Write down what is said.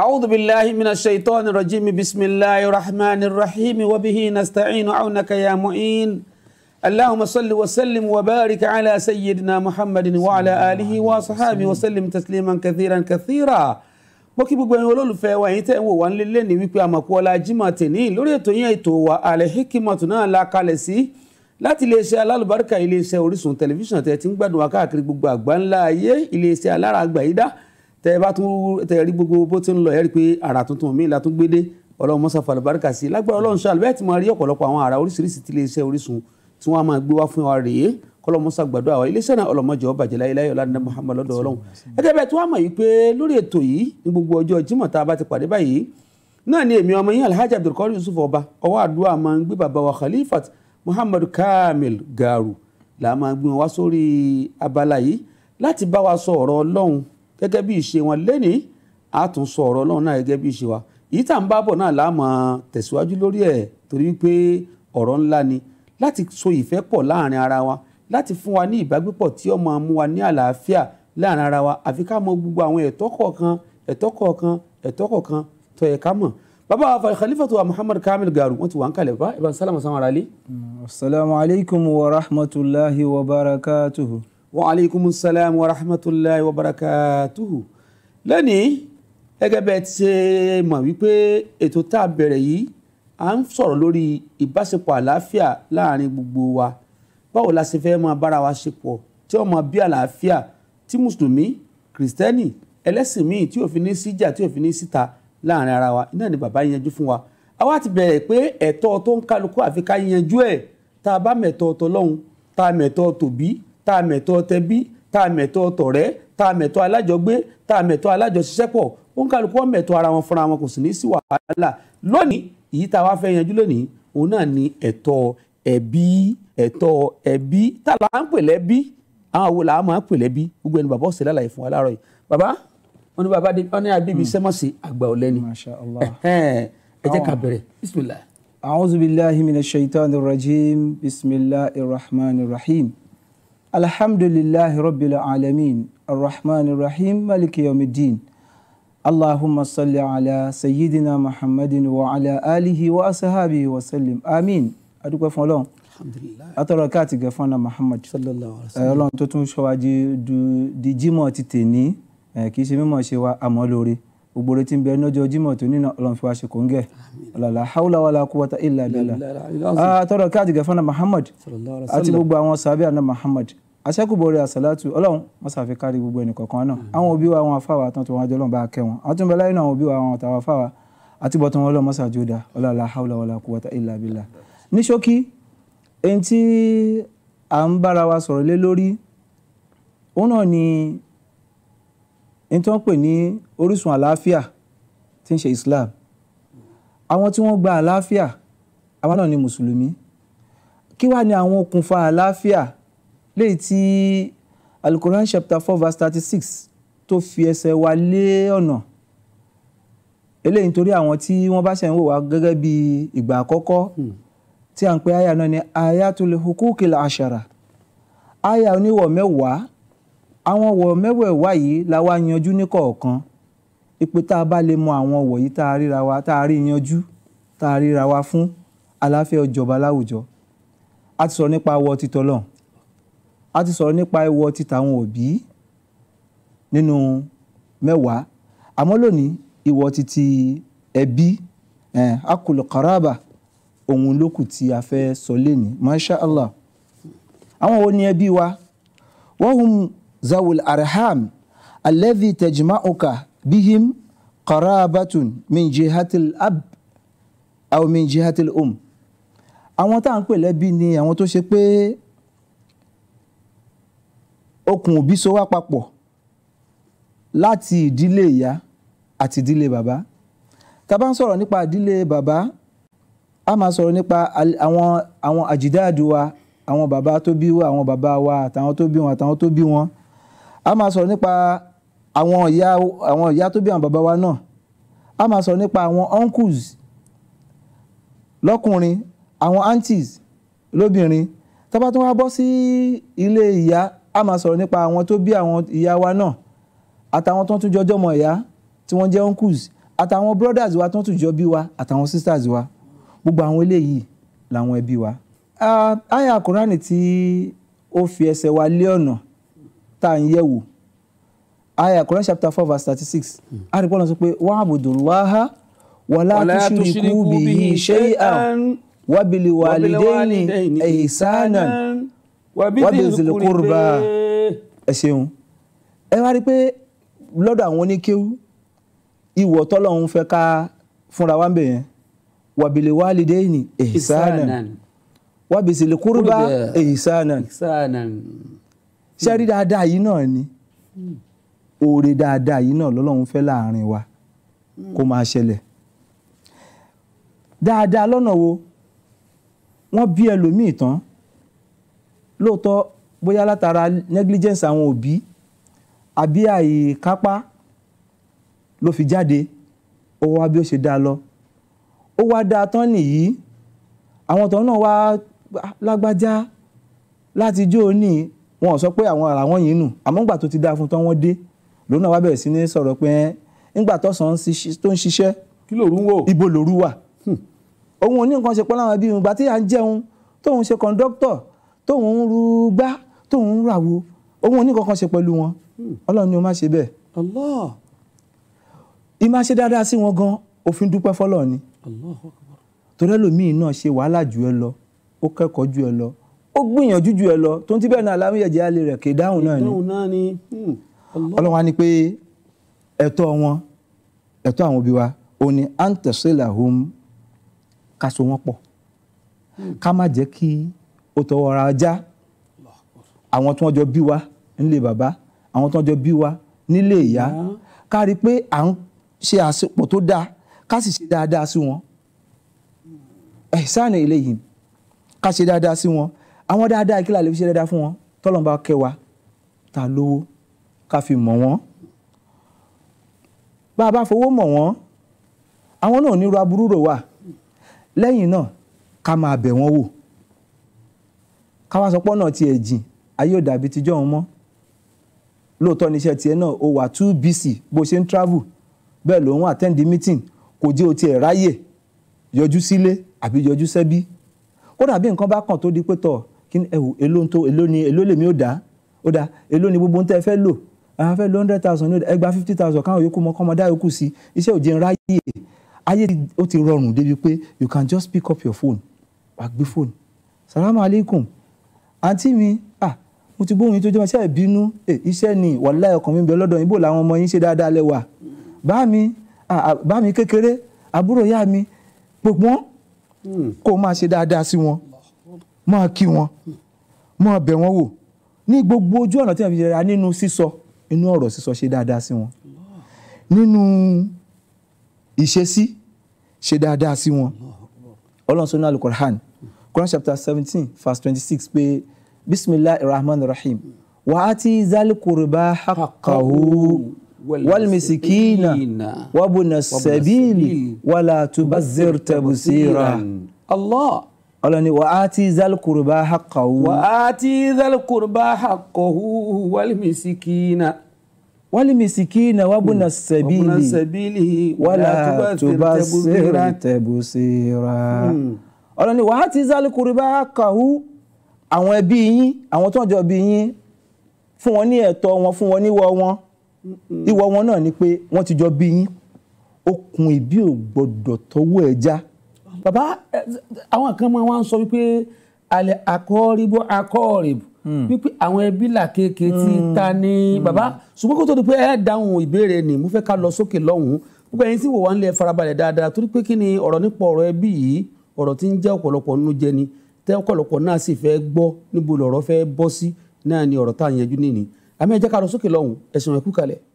أعوذ بالله من الشيطان الرجيم بسم الله الرحمن الرحيم وبه نستعين عونك يا معين اللهم صل وسلم وبارك على سيدنا محمد وعلى آله وصحابه وسلم تسليما كثيرا كثيرا mo kí gbogbo ẹ̀yin olólùfẹ́ wa ẹ̀yin tẹ́ ń wò wá nílé lẹ́ni wípé àmọ̀kú ọlá jimá tèní lórí ètò yẹn ètò wa Al-Hikmat náà la kalẹ̀ sí láti iléeṣẹ́ alálùbáríkà iléeṣẹ́ Orísun tẹlifíṣàn tẹ̀ tí ń gbádùn wa káàkiri gbogbo àgbáńlá ayé iléeṣẹ́ alára àgbà yìí dá tẹ bá tún tẹ rí gbogbo bó ti ń lọ ẹ rí i pé àrà tuntun mi la tún gbé dé ọlọ́run mọ́sá falùbáríkà sí lágbára ọlọ́run ṣáà bẹ́ẹ̀ ti máa rí ọ̀pọ̀lọpọ̀ àwọn àrà oríṣiríṣi ti iléeṣẹ́ Orísun tí wọ́n á máa gbé wá fún wa rèé kọlọmọsá gbàdúrà wa iléeṣẹ́ náà ọlọmọjọ bàjẹ́ láyéláyé ọ̀làdínà Muhammad lọ́dọ̀ ọlọ́run gẹ́gẹ́ bẹ́ẹ̀ tí wọ́n á mọ̀ yìí pé lórí ètò yìí ní gbogbo ọjọ́ Jímọ̀ tá a bá ti pàdé báyìí náà ni Khalifat Muhammad Kamil Garu là máa gbé wọn wá sórí abala gẹ́gẹ́ bí ìṣe wọn lẹ́ni a tún sọ ọ̀rọ̀ ọlọ́run náà gẹ́gẹ́ bí ìṣe wa èyí tá à ń bá bọ̀ náà láàmú tẹ̀síwájú lórí ẹ̀ torí pé ọ̀rọ̀ ńlá ni láti so ìfẹ́ pọ̀ láàrin ara wa láti fún wa ní ìbágbépọ̀ tí ó máa mú wa ní àlàáfíà láàrin ara wa àfi ká mọ gbogbo àwọn ẹ̀tọ́ kọ̀ọ̀kan ẹ̀tọ́ kọ̀ọ̀kan ẹ̀tọ́ kọ̀ọ̀kan tó yẹ ká mọ̀ bàbá wa khalifatu wa muhammad kamil garu wọn ti wà ń kalẹ̀ bá ibà sálámù sáwọn ará asalaamualeykum wa rahmatulahi wa barakatuhu wa aleykum salaam wa rahmatulahi wa barakatuhu lónìí gẹ́gẹ́ bẹ́ẹ̀ ti ṣe mọ̀ wípé ètò tá a bẹ̀rẹ̀ yìí à ń sọ̀rọ̀ lórí ìbáṣepọ̀ àlàáfíà láàrin gbogbo wa báwo la ṣe fẹ́ máa bára wa ṣe pọ̀ tí ó máa bí àlàáfíà tí mùsùlùmí kìrìsìtẹ́nì ẹlẹ́sìn míì tí ò fi ní síjà tí ò fi ní síta láàrin ara wa iná ni bàbá yanjú fún wa àwa ti bẹ̀rẹ̀ pé ẹ̀tọ́ tó ń kálukú àfi yanjú ẹ̀ tá a bá mẹ̀tọ́ tọlọ́hun tá a mẹ̀tọ́ tòbí tá a mẹ̀tọ́ tẹbí tá a mẹ̀tọ́ tọ̀rẹ́ tá a mẹ̀tọ́ alájọgbé tá a mẹ̀tọ́ alájọṣiṣẹ́pọ̀ ó ń kálukú wọn mẹ̀tọ́ ara wọn fúnra wọn kò sì ní sí wàhálà lónìí èyí tá a wá fẹ́ yanjú lónìí òun náà ni ẹ̀tọ́ ẹbí ẹ̀tọ́ ẹbí tá a là ń pè lẹ́bí àwọn wo là á máa pè lẹ́bí gbogbo ẹni bàbá ọ̀sẹ̀ lálàyé fún wa láàárọ̀ yìí bàbá wọn ni bàbá wọn ni adébí sẹ́mọ̀sì àgbà ọ̀lẹ́ni ẹ jẹ́ ká bẹ̀rẹ̀ bismillah. a'udhu billahi minash shaitanir rajim bismillahir rahmanir alhamdulillahi rabbil alamin arrahmanir rahim maliki yawmiddin allahumma salli ala sayyidina muhammadin wa ala alihi wa asahabihi wa sallim amin adúpẹ́ fún ọlọ́run atọ́rọ̀ káàtì gẹ̀ fún ọ̀nà muhammad ọlọ́run tó tún ṣọwájú di jímọ̀ ti tè ní kì í ṣe mímọ̀ ṣe wa àmọ́ lóore ògbóró tí ń bẹ lọ́jọ́ Jímọ̀ tó nínú Ọlọ́run fi wá ṣe kòńgẹ́ ọlọlá haúlá wàlá kúwọta ilà bílà àtọrọ káàdì gẹfọn na Muhammad àti gbogbo àwọn sàbí àná Muhammad aṣẹkùbọrẹ àṣàlátù Ọlọ́run wọn ṣàfi kárí gbogbo ẹnìkọ̀ọ̀kan náà àwọn òbí wa àwọn afáwà tán tó wọn jọ lọnà bá kẹ́ wọn àwọn tó ń bẹ láyé náà àwọn òbí wa àwọn àtàwọn afáwà àti bọtán wọn lọmọ sàjọdá ọlọlá haúlá kúwọta ilà bílà ní ṣókí èyí tí à ń bára wa sọ̀rọ̀ lé lórí òun náà ni ní tí wọ́n pè ní orísun àlàáfíà tí ń ṣe Islam àwọn tí wọ́n gba àlàáfíà àwọn náà ni mùsùlùmí kí wàá ní àwọn okùnfà àlàáfíà léyìí tí alukoran chapter four verse thirty six tó fi ẹsẹ̀ wa lé ọ̀nà eléyìí nítorí àwọn tí wọ́n bá ṣe ń wò wá gẹ́gẹ́ bí ìgbà àkọ́kọ́ hmm. tí à ń pe aya náà ni ayatul hukukil ashara aya oníwọ̀ mẹ́wàá àwọn ọ̀wọ̀ mẹ́wẹ̀ẹ̀wá yìí la wá yanjú ní kọ̀ọ̀kan ipe tá a bá lè mọ àwọn ọ̀wọ̀ yìí tá a ríra wa tá a rí yanjú tá a ríra wa fún àlàáfíà ó jọba láwùjọ a ti sọ̀rọ̀ nípa awọ títọ́ lọ́n a ti sọ̀rọ̀ nípa ẹwọ títa àwọn òbí nínú mẹ́wàá àmọ́ lónìí ìwọ títí ẹbí akulu karaba òun ló kù tí a fẹ́ sọ lẹ́nìí masha allah àwọn wo ni ẹbí wa wọ́n hùn zawul arham الذي تجمعك بهم قرابة من جهة الأب أو من جهة الأم. àwọn tá à ń pè lẹ́bí ni àwọn tó ṣe pé okùn òbí so wá papọ̀ láti ìdílé ìyá àti ìdílé bàbá tá bá ń sọ̀rọ̀ nípa ìdílé bàbá a máa sọ̀rọ̀ nípa àwọn àwọn àwọn bàbá tó bí wa àwọn bàbá wa àtàwọn tó bí wọn àtàwọn tó bí wọn a máa sọ̀rọ̀ nípa àwọn ìyá àwọn ìyá tó bí àwọn bàbá wa náà a máa sọ̀rọ̀ nípa àwọn uncles lọ́kùnrin àwọn aunties lóbìnrin tá bá tún wá bọ́ sí ilé ìyá a máa sọ̀rọ̀ nípa àwọn tó bí àwọn ìyá wa náà àtàwọn tó ń tún jọjọ́ mọ ìyá tí wọ́n jẹ́ uncles àtàwọn brothers wa tó ń tún jọ bí wa àtàwọn sisters wa gbogbo àwọn eléyìí làwọn ẹbí wa. àyà Kùránì tí ó fi ẹsẹ̀ wa lé ọ̀nà tá à ń yẹ̀ wò aya Quran chapter four verse thirty six àdìpọ̀ náà sọ pé wa'budullaha wala tushriku bihi shay'an wabili walidaini ihsanan wabizil qurba ẹ ṣeun ẹ wá rí i pé lọ́dọ̀ àwọn oníkéwú ìwọ̀ tọ́lọ́hún fẹ́ ká fúnra wa ń bẹ̀ yẹn wabili walidaini ihsanan wabizil qurba ihsanan ṣẹ́rí dáadáa yìí náà ni oore dáadáa yìí náà lọ́lọ́run fẹ́ láàrin wa kó máa ṣẹlẹ̀ dáadáa lọ́nà wo wọ́n bí ẹlòmíì tán lóòótọ́ bóyá látara negligence àwọn òbí àbí àìkápá ló fi jáde ó wá bí ó ṣe dáa lọ ó wá dáa tán nìyí àwọn tán náà wá lágbájá láti jó o wọn sọ pé àwọn ara wọn yìí nù àmọ́ ńgbà tó ti dáa fún tán wọ́n dé lòun náà wá bẹ̀rẹ̀ sí ní sọ̀rọ̀ pé ńgbà tọ́sán tó ń ṣiṣẹ́ kí lòru ń wò ibo lòru wà hmm. òun ò ní nǹkan ṣe pọ́ láwọn ẹbí ìgbà tí à ń jẹun tóun ṣe kọ́ńdọ́kítọ̀ tóun ń ru gbá tóun ń ràwo òun ò ní nǹkan ṣe pẹ̀lú wọn hmm. ọlọ́run ni o má ṣe bẹ́ẹ̀. Allah ìmá ṣe dáadáa sí wọn gan òfin dúpẹ́ fọlọ́ ni torí ẹlòmíín náà ṣe wàhálà jù ẹ lọ ó kẹ́kọ̀ọ́ jù ẹ lọ ó gbìyànjú ju ẹ lọ tó ń ti bẹ́ẹ̀ náà aláwíyẹ̀jẹ̀ alẹ́ rẹ̀ kì í dáhùn náà ni dáhùn náà ni hmm, ọlọ́run á ní pé ẹ̀tọ́ wọn ẹ̀tọ́ àwọn òbí wa ó ní à ń tẹ̀sílẹ̀ àhóm ká so wọ́n pọ̀ hmm. ká má jẹ́ kí ó tọwọ́ ara já àwọn tí wọ́n jọ bí wa nílé bàbá àwọn tí wọ́n jọ bí wa nílé ìyá ká rí i pé à ń ṣe àsopọ̀ tó dáa ká sì ṣe dáadáa sí wọn ẹ̀sán ilé yìí ká ṣe dáadáa sí wọn àwọn dáadáa kí la lè fi ṣe dáadáa fún wọn tọ́lọ́n bá kẹ́ wa ta lówó ká fi mọ̀ wọ́n bá a bá fowó mọ̀ wọ́n àwọn náà nírú aburú rò wà lẹ́yìn náà ká máa bẹ̀ wọ́n wò ká wá sọpọ́ náà tiẹ̀ jìn ayé ò dàbí tijọ́ wọn mọ́ lóòótọ́ níṣẹ́ tiẹ̀ náà o wà too busy bó ṣe ń travel bẹ́ẹ̀ ló ń attend the meeting kò jẹ́ o tiẹ̀ ráyè yọjú sílé àbí yọjú sẹ́bí kódà bí nǹkan bá kàn tó di pé tọ̀ kí ni ẹwù èló tó èló ni èló lèmi ò dá ó dá èló ni gbogbo ń tẹ́ fẹ́ lò àwọn fẹ́ lo hundred thousand ní ẹgbà fifty thousand káwọn yòókù mọ kọ́mọdá yòókù sí iṣẹ́ òjì ńlá yìí ayé ó ti rọrùn débi pé you can just pick up your phone wà gbé phone salamu aleykum àǹtí mi ah mo ti gbóhùn yín tó jẹ́ iṣẹ́ ìbínú iṣẹ́ ni wàláhì ọkàn mi bẹ lọ́dọ̀ yín bò làwọn ọmọ yín ṣe dáadáa lẹ́wà bá mi bá mi kékeré àbúrò yá mi gbogbo hmm. kó máa ṣe dáadáa sí wọn máa kí wọn máa bẹ̀ wọ́n wò ní gbogbo ojú ọ̀nà tí wọ́n fi yẹra nínú sísọ inú ọ̀rọ̀ sísọ ṣe dáadáa sí wọn nínú ìṣesí ṣe dáadáa sí wọn ọlọ́run sọ ní alukur'an Quran chapter seventeen verse twenty-six pé bisimilahi rahman rahim wa ati zal kurba haqqahu walmisikina wabuna sabili wala tubazir tabusira. Allah ọlọ́ni wà á ti zálkùrùbá haqqahu. wà á ti zálkùrùbá haqqahu wàlímìsíkìnà. wàlímìsíkìnà wàbùnà sẹ̀bìlì wàlà tuba sèrè tẹ̀bùsìrà. ọlọ́ni wà á ti zálkùrùbá haqqahu àwọn ẹbí yín àwọn tó ń jọ bí yín fún wọn ní ẹ̀tọ́ wọn fún wọn níwọ̀ wọn hmm. ìwọ̀ wọn náà ni pé wọ́n ti jọ bí yín okùn ìbí ò gbọ́dọ̀ tọwọ́ ẹ̀ já. E baba, àwọn kan máa wá ń sọ wípé alẹ́ akọ́rìbó akọ́rìbó hmm. wípé àwọn ẹbí là kéèké tí hmm. ta ní hmm. bàbá ṣùgbọ́n kó tó di pé ẹ dáhùn ìbéèrè ni mo fẹ́ ká lọ sókè lọ́hùn-ún gbogbo ẹ̀yin tí wò wá ń lẹ farabalẹ̀ dáadáa torí pé kí ni ọ̀rọ̀ nípa ọ̀rọ̀ ẹbí yìí ọ̀rọ̀ tí ń jẹ́ ọ̀pọ̀lọpọ̀ nínú jẹ ni tẹ́ ọ̀pọ̀lọpọ̀ náà sì fẹ́ gbọ́ níbo lọ̀rọ̀ fẹ́ bọ́ sí náà ni ọ̀rọ̀ tá ń yẹjú nìyí àmì ẹ ká lọ sókè lọ́hùn-ún ẹ̀kú kalẹ̀.